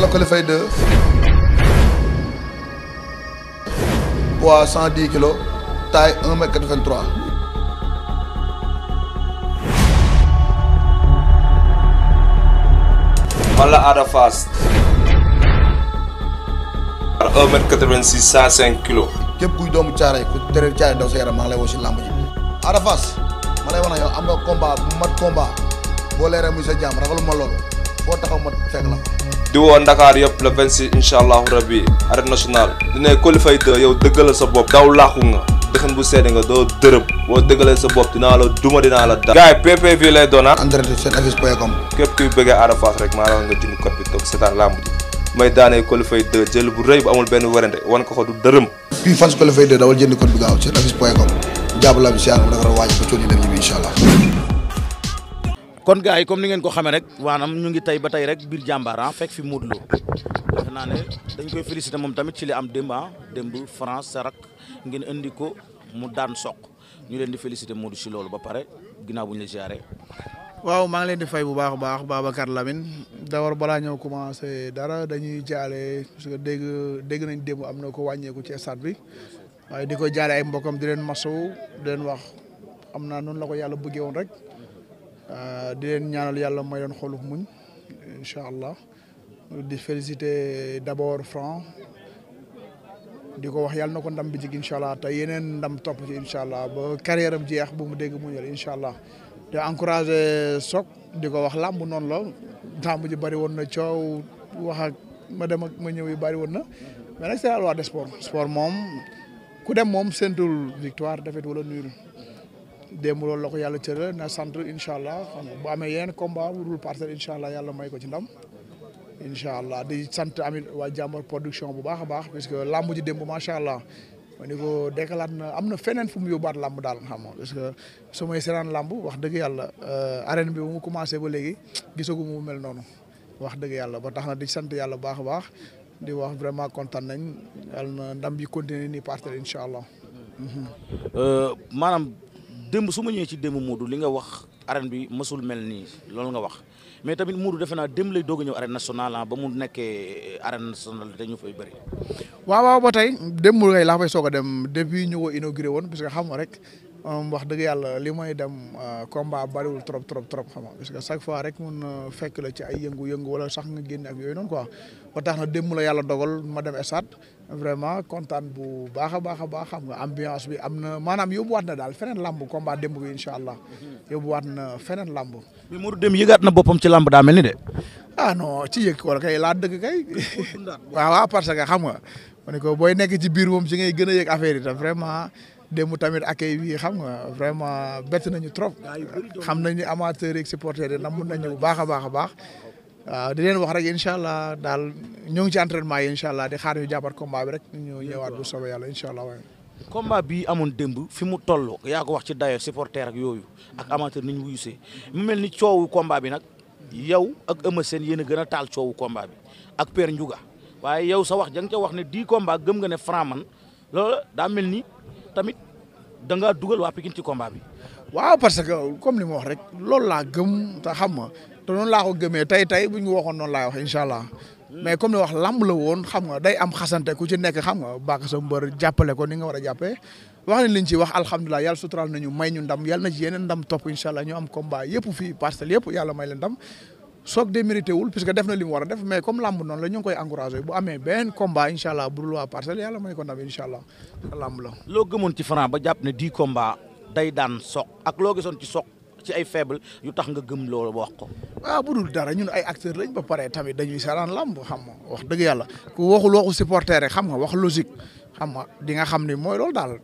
la Colifay 2 poids 110 kilos taille 1 mètre 83 man la Ada Fass 1 mètre 86 105 kilos képp kuy doomu caare ku tere caare ma lay wax na yow am nga combat bu mat combat boo leeree muy sa jàmm ragalu ma loolu di woo Ndakaar yëpp le 26 incha allahu rabi arène nationale di ne Coly Faye 2 yow dëggalal sa bopp daw laaxu nga dëxan bu seede nga doo dërëm boo dëggalee sa bopp dinaa la duma dinaa la da gars yi PPV lay doona ah. entretien seen affiche point com képp kuy bëggee Ada rek maa nga jënd code bi toog seetaan lamb ji may daanee Coly Faye 2 jël bu rëy bu amul benn werante wan ko ko du dërëm kuy fans Coly Faye jënd code bi gaaw seen affiche kon gaa yi comme ni ngeen ko xamee rek waanam ñu ngi tey ba tey rek biir jàmbaar ah, fekk fi Modou Lo defe naa ne dañ koy féliciter moom tamit ci li am démb ah démb France sarak ngeen indi ko mu daan soq ñu leen di féliciter Modou ci loolu ba pare ginnaaw bu ñu la ziaree. waaw maa ngi leen di fay bu baax a baax Babacar Lamine d'abord balaa ñëw commencé dara dañuy jaale dégg dégg nañ démb am na ko wàññeeku ci stade bi waaye di ko jaale ay mbokkam di leen masawu di wax am naa noonu la ko yàlla bëggee woon rek. Euh, di leen ñaanal yàlla may leen xolub muñ incha allah di féliciter d'abord Franc di ko wax yàlla na ko ndam bi jig incha allah te yeneen ndam topp ci incha allah ba carrière am jeex bu mu dégg muñal incha allah di encourager Sokh di ko wax làmb noonu la làmb ji bëri woon na coow wax ma dem ma ñëw yi bëri woon na mais nag c'est la loi des sports sport moom ku dem moom séntul victoire défaite wala nul démb loolu la ko yàlla cëral na sant incha allah xam nga bu amee yeneen combat bu dul parcelle incha allah yàlla may ko ci ndam incha allah di sant amit waa jàmbar production bu baax a baax puisque làmb ji démb macha allah ma ni ko dekkalaat na am na feneen fu mu yóbbaat làmb daal xam nga parce que su may seraan làmb wax dëgg yàlla euh, arène bi bu mu commencé ba léegi gisagu mu mel noonu wax dëgg yàlla ba tax na di sant yàlla bu baax a baax di wax vraiment kontaan na ndam bi continuer nii parcelle incha démb su ma ñëwee ci démb Modou li nga wax arène bi masul mel nii loolu nga wax mais tamit Modou defe naa dem lay doog a ñëw arène nationale ah, ba mu nekkee eh, arène nationale dañu fay bëri. waaw waaw ba tey démb ngay laa fay soog a dem depuis ñu ko inauguré woon parce que xam nga rek wax dëgg yàlla li may dem euh, combat bariwul trop trop trop xam nga parce que chaque fois rek mun na fekk la ci ay yëngu-yëngu wala sax nga génne ak yooyu noonu quoi ba tax na démb la yàlla dogal ma dem esat vraiment a a baax bi am na maanaam yóbbuwaat na daal feneen làmb combat démb bi incha allah yóbbuwaat na feneen làmb. mais Modou Deme yëgaat na boppam ci làmb daa mel de. ah non ci yëg wala kay laa dëgg kay. waaw waaw parce que xam nga ma ne ko booy nekk ci biir moom ci ngay a yëg affaire yi vraiment. démb tamit accueil bi xam nga vraiment bett nañu trop xam nañu amateurs yeeg supporters yi namoon nañu bu baax a baax a baax waaw di leen wax rek incha allah daal ñoo ngi ci entraînement yi incha allah di xaar ñu jàppat combat bi rek ñu ñëwaat bu soobee yàlla incha allah waaye. combat bi amoon démb fi mu toll yaa ko wax ci dayo supporter ak yooyu ak amateur ni ñu wuyusee mu mel ni coowu combat bi nag yow ak Eumeu Sène yéen a gën a taal coowu combat bi ak Père Ndiouga waaye yow sa wax ja nga ca wax ne di combat gëm nga ne Franc man loolu mel ni. tamit da ngaa dugal waa Pikine ci combat bi. waaw parce que comme ni ma wax rek loolu laa gëm te xam nga te noonu laa ko gëmee tey tey bu ñu waxoon noonu laa wax incha allah mais comme li wax lamb la woon xam nga day am xasante ku ci nekk xam nga bàq sa mbër jàppale ko ni nga war a jàppee. wax nañ liñ ci wax alhamdulilah yàlla suturaal nañu may ñu ndam yàlla na ci ndam topp incha allah ñu am combat yëpp fii parcelle yëpp yàlla may leen ndam soog démérité wul puisque def na li mu a def mais comme lamb noonu la ñu ngi koy encouragé bu amee benn combat incha allah budul waa parcelle yàlla may ko ndam lamb la. loo gëmoon ci Franc ba jàpp ne dix combat day daan soq ak loo gisoon ci soq ci ay feeble yu tax nga gëm loolu wax ko. waaw budul dara ñun ay acteur lañ ba pare tamit dañuy saraan lamb xam nga wax dëgg yàlla ku waxul waxu supporter rek xam nga wax logique xam nga di nga xam ni mooy loolu daal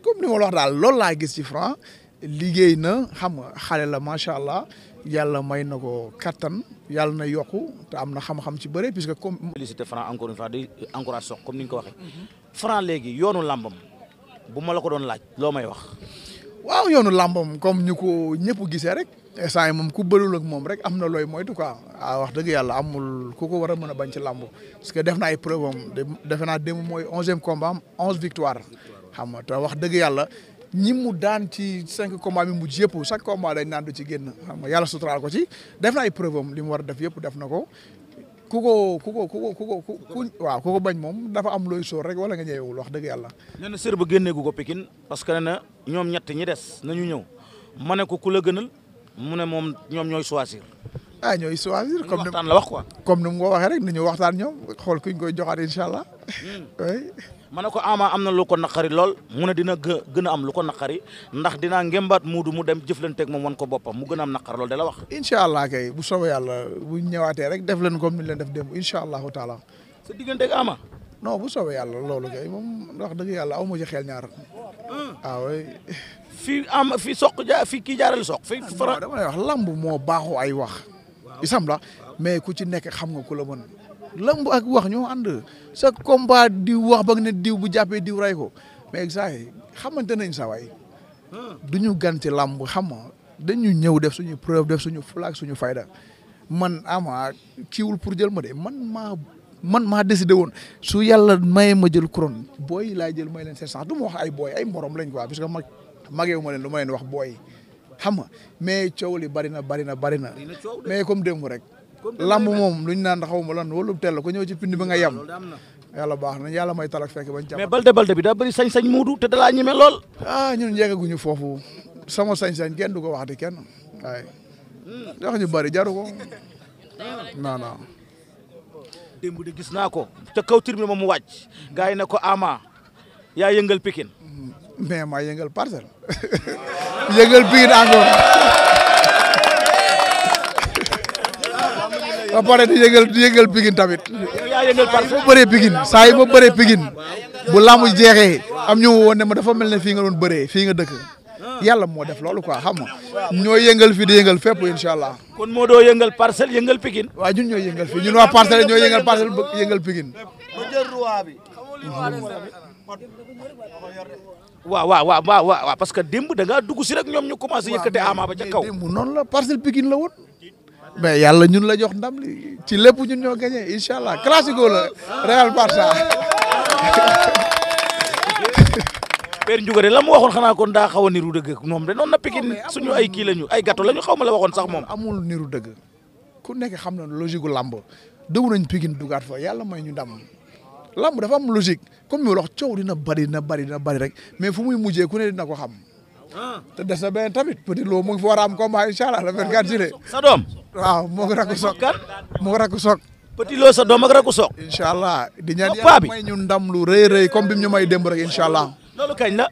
comme ni daal loolu laa gis ci Franc liggéey na xam nga xale la macha allah. yàlla may na ko kattan yàlla na yokku te am na xam-xam ci bëre puisque comme. félicité Franc encore une fois di encourage sox comme ni ko waxee. Franc léegi yoonu làmbam bu ma la ko doon laaj loo may wax. waaw yoonu làmbam comme ñu ko ñëpp gisee rek. instant yi moom ku bëriwul moom rek am na looy moytu quoi ah wax dëgg yàlla amul ku ko war a mën a bañ ci làmb parce que def na ay preuve defe naa démb mooy onzième combat am onze victoire xam nga te wax dëgg yàlla. ñi mu daan ci cinq combats bi mu yëpp chaque combat dañ naan du ci génn xam nga yàlla suturaal ko ci def na ay preuve am mu war a def yëpp def na ko ku ko ku ko ku ko ku waaw ku ko bañ moom dafa am looy sóor rek wala nga ñëwewul wax dëgg yàlla. nee na sër ba génneegu ko Pikine parce que nee na ñett ñi des nañu ñëw ma ne ko ku la gënal mu ne moom ñoom ñooy choisir. a ah, ñooy choisir comme ni waxtaan la wax comme ni mu ko waxee rek na ñu waxtaan ñoom xool kuñ koy joxaat incha allah. Hmm. ma ne ko ama am na lu ko naqari lool mu dina gën a am lu ko naqari ndax dinaa ngémbaat muudu mu dem jëflanteeg moom wan ko boppam mu gën a am naqar lool de la wax incha allah kay bu soobee yàlla bu ñëwaatee rek def leen ko ni leen def démb incha allahu taala sa digganteeg ama non bu soobee yàlla loolu kay moom wax dëgg yàlla aw ma ci xel ñaar waaw ah, fii am fii soq ja fii kii jaarale soq fii ah, fara wax lamb moo baaxu ay wax isam la mais ku ci nekk xam nga ku la mën lamb ak wax ñoo ànd sa combat diw wax ba nga ne diw bu jàppee diw ray ko mais saa yi xamante nañ sa waay du ñu gan ci làmb xam nga dañu ñëw def suñu preuve def suñu flag suñu fayda man ama kiiwul pour jël ma de man maa man maa décidé woon su yàlla maye ma jël couronne booy laa jël may leen seen sax du ma wax ay booy ay moroom lañ ko parce que mag mageewu ma leen lu ma leen wax booy xam nga mais coow li bari na bari na bari na mais comme démb rek. lamb moom lu ñu naan xaw ma lan wala teel ko ñëw ci pind bi nga yem yàlla baax na yàlla may talak fekk bañ. mais balde balde bi daa bëri sañ-sañ muudu te dalaa ñeme lool. ah ñun yeggaguñu foofu sama sañ-sañ kenn du ko wax di kenn waaye wax ñu bëri ko non non. démb gis naa ko te kaw tribune ma mu wàcc gars yi ne ko Ama yaa yëngal Pikine mm-hmm. mais maa yëngal parcelle yëngal Pikine encore. ba pare di yëngal di yëngal Pikine tamit. yaa yëngal parce que bu bëree Pikine saa yi am ñu woon ne ma dafa mel ne fii nga doon bëree fii nga dëkk yàlla moo def loolu quoi xam nga ñoo yëngal fii di yëngal fépp incha allah. kon moo doo yëngal parcelle yëngal Pikine. waaw ñun ñoo yëngal fii ñun waa parcelle ñoo yëngal parcelle yëngal Pikine. waaw waaw waaw waaw parce que démb da ngaa dugg si rek ñoom ñu commencé yëkkate la parcelle mais yàlla ñun la jox ndam li ci lépp ñun ñoo gagné incha allah classico la Real Barça. Père Ndiouga la mu waxoon xanaa kon daa xaw a niru dëgg moom de noonu na Pikine suñu ay kii lañu ay gàtto lañu xaw ma la waxoon sax moom. amul niru dëgg ku nekk xam na logique gu làmb dugg nañ Pikine dugaat fa yàlla may ñu ndam làmb dafa am logique comme mi wax coow dina bari dina bari dina bari rek mais fu muy mujjee ku ne na ko xam. te des na benn tamit Petit mu ngi fi war a am combat incha allah le 24 juillet. sa doom waaw moo ngi rakku soog kan moo rakku doom ak rakku incha allah di ñaan yàlla may ñu ndam lu rëy rëy comme bi mu ñu may démb rek incha allah. loolu kañ la.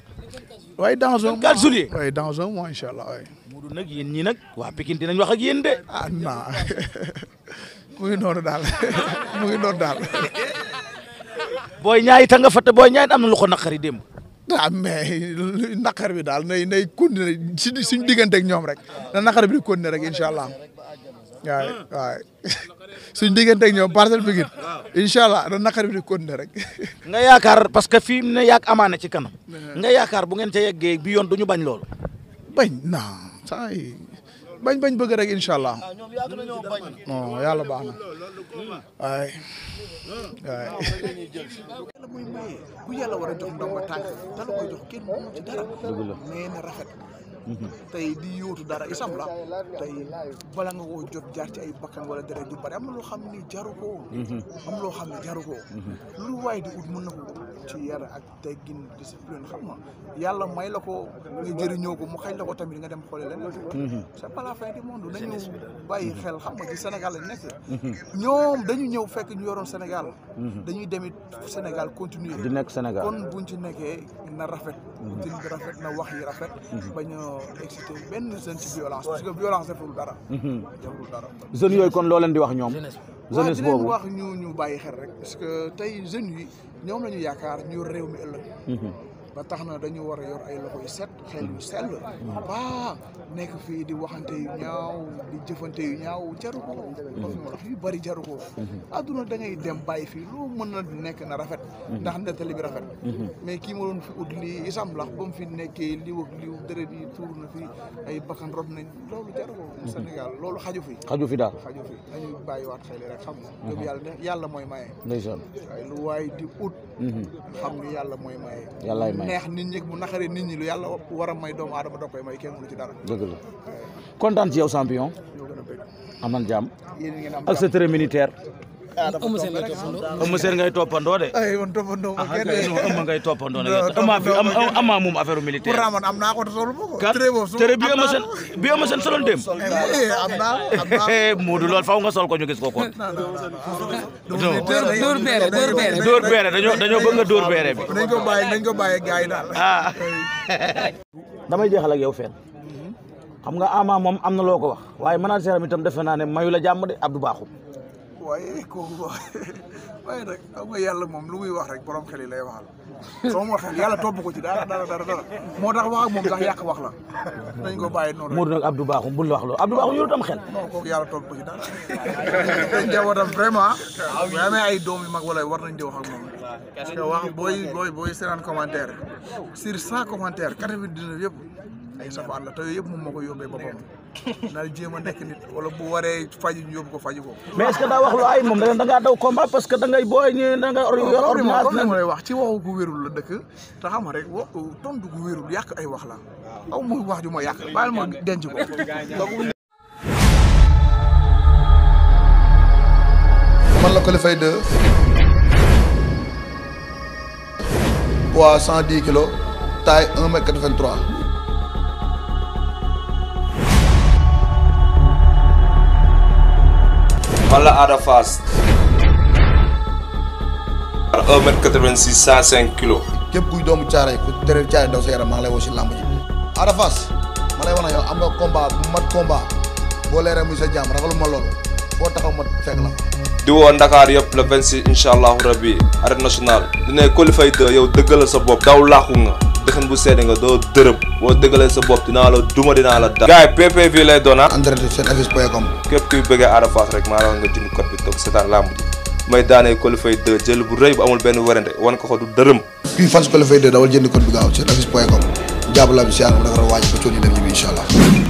waaye dans un mois 4 juillet waaye dans un mois incha allah waay. Modou nag nag waa Pikine dinañ wax ak yéen de. ah non mu ngi noonu daal booy ñaay ta nga fàtte booy ñaay am na lu ko naqari démb. ah mais naqar bi daal nay nay continuer si suñ diggante ñoom rek na naqar bi di continuer rek incha allah waay waay suñ diggante ak incha allah na naqar bi di rek. nga yaakaar parce que fii ne yaak na ci kanam. nga yaakaar bu ngeen ca yeggee bi yoon du ñu bañ loolu. naa bañ bañ bëgg rek incha allah ah, non yàlla baax na waay waay. yàlla muy maye bu yàlla war a jox ndomba tànk rafet. Mm-hmm. tey di yóotu dara isam la tey bala nga koo jot jaar ci ay bakkan wala deret ju bari am na loo xam ni jaru ko mm-hmm. am loo xam ne jaru ko mm-hmm. lu waay di ut mën na ko ci yar ak te teggin discipline xam nga yàlla may la ko nga jëriñoo ko mu xañ la ko tamit nga dem xoole leneen c'est pas la fin du monde nañu bàyyi xel xam nga ci Sénégal lañ nekk ñoom dañu ñëw fekk ñu yoroon Sénégal dañuy demit Sénégal continuer di nekk Sénégal kon buñ ci nekkee na rafet jël bi rafet wax yi rafet mhm. bañ a excité benn jeune ci violence parce que violence dara deful dara mhm. yooyu kon loo leen di wax ñoom jeunesse boobu wax ñu ñu bàyyi xel rek parce que tey jeune yi ñoom la ñu yaakaar ñu réew mi ëllëg mhm. ba tax na dañu war a yor ay loxo yu set xel yu sell ba nekk fii di waxante yu ñaaw di jëfante yu ñaaw jaru ko comme ma wax bëri jaru ko adduna da ngay dem bàyyi fii loo mën na nekk na rafet ndax nettali bi rafet mais kii ma doon fi ut lii isam lax ba mu fi nekkee liw ak liw dërët yi tuur na fi ay bakkan rot nañ loolu jaru ko Sénégal loolu xaju fi xaju fi daal xaju fi dañuy bàyyiwaat xel rek xam nga gëm yàlla yàlla mooy maye ndeysaan waaye lu waay di ut mhm. xam ni yàlla mooy maye neex nit ñi bu naqaree nit ñi lu yàlla war a may doomu aadama da koy may kenn mënu ci dara. dëgg la kontaan ci yow champion. am nañ ak sa trait ëmm seen ngay toppandoo ëmm seen ngay toppandoo de. ay man toppandoo ma kenn de moom affaire militaire. am naa ko te solu ma ko. tere bi ëmm seen bi ëmm seen soloon dem. Eh, am naa am nga sol ko ñu gis ko kon. dóor beere dañoo dañoo bëgg nga dóor beere bi. nañ ko bàyyi nañ yi daal. ah. damay jeexal ak yow fenn. Mhm. xam nga ama moom am na loo ko wax waaye manager am itam defe naa ne mayu la jàmm de Abdou Bakhoum waaye kooku waaye nag xam yàlla moom lu muy wax rek borom xel yi lay waxal soo ma waxee yàlla topp ko ci dara dara dara moo tax wax moom sax yàq wax la dañ ko bàyyi noonu Mour nag Abdou Bakhoum bul wax loolu Abdou Bakhoum yoru tam xel non kooku yàlla topp ko ci dara dañ njabootam vraiment bu amee ay doom yu mag wala war nañ di wax ak moom parce que wax booy booy booy seetaan commentaire sur cent commentaire quatre-vingt-dix-neuf yëpp ay safaan la te yooyu yëpp moom moo koy yóbbee boppam na jéem a nekk nit wala bu waree faju ñu yóbbu ko faju ko mais est-ce daa wax lu ay moom da ngaa daw combat parce que da ngay booy ñu da nga yor na lay wax ci waxu gu wérul la dëkk te xam rek wa tontu gu wérul yàq ay wax la aw wax ju ma yàq baal ma denc ko man la ko lifay de poids cent dix kilos taille un mètre vingt trois man la Ada Fass. par 1 mètre 86 105 kilos. képp kuy doomu caaray ku tere caaray daw sa yaram maa lay woo si làmb ji. Ada Fass ma lay wax ne yow am nga combat bu mat combat boo leeree muy sa jaam ragalu ma loolu foo taxaw ma fekk la. di Ndakaar yëpp le 26 incha allahu rabi arène nationale. dina Coly Faye 2 yow dëggalal sa bopp. daw laaxu nga. dëxin da gars yi PPV lay doon ah entretien seen affiche point com képp kuy bëggee Ada rek maa nga jënd code bi toog seetaan lamb ji may daanee Colifay 2 jël bu rëy bu amul benn werante wan ko ko du dërëm kuy fans Colifay 2 dawal jënd code bi gaaw seen affiche point com jàpp la bi si àll bu defar waaj ba coono dem ñi bi incha allah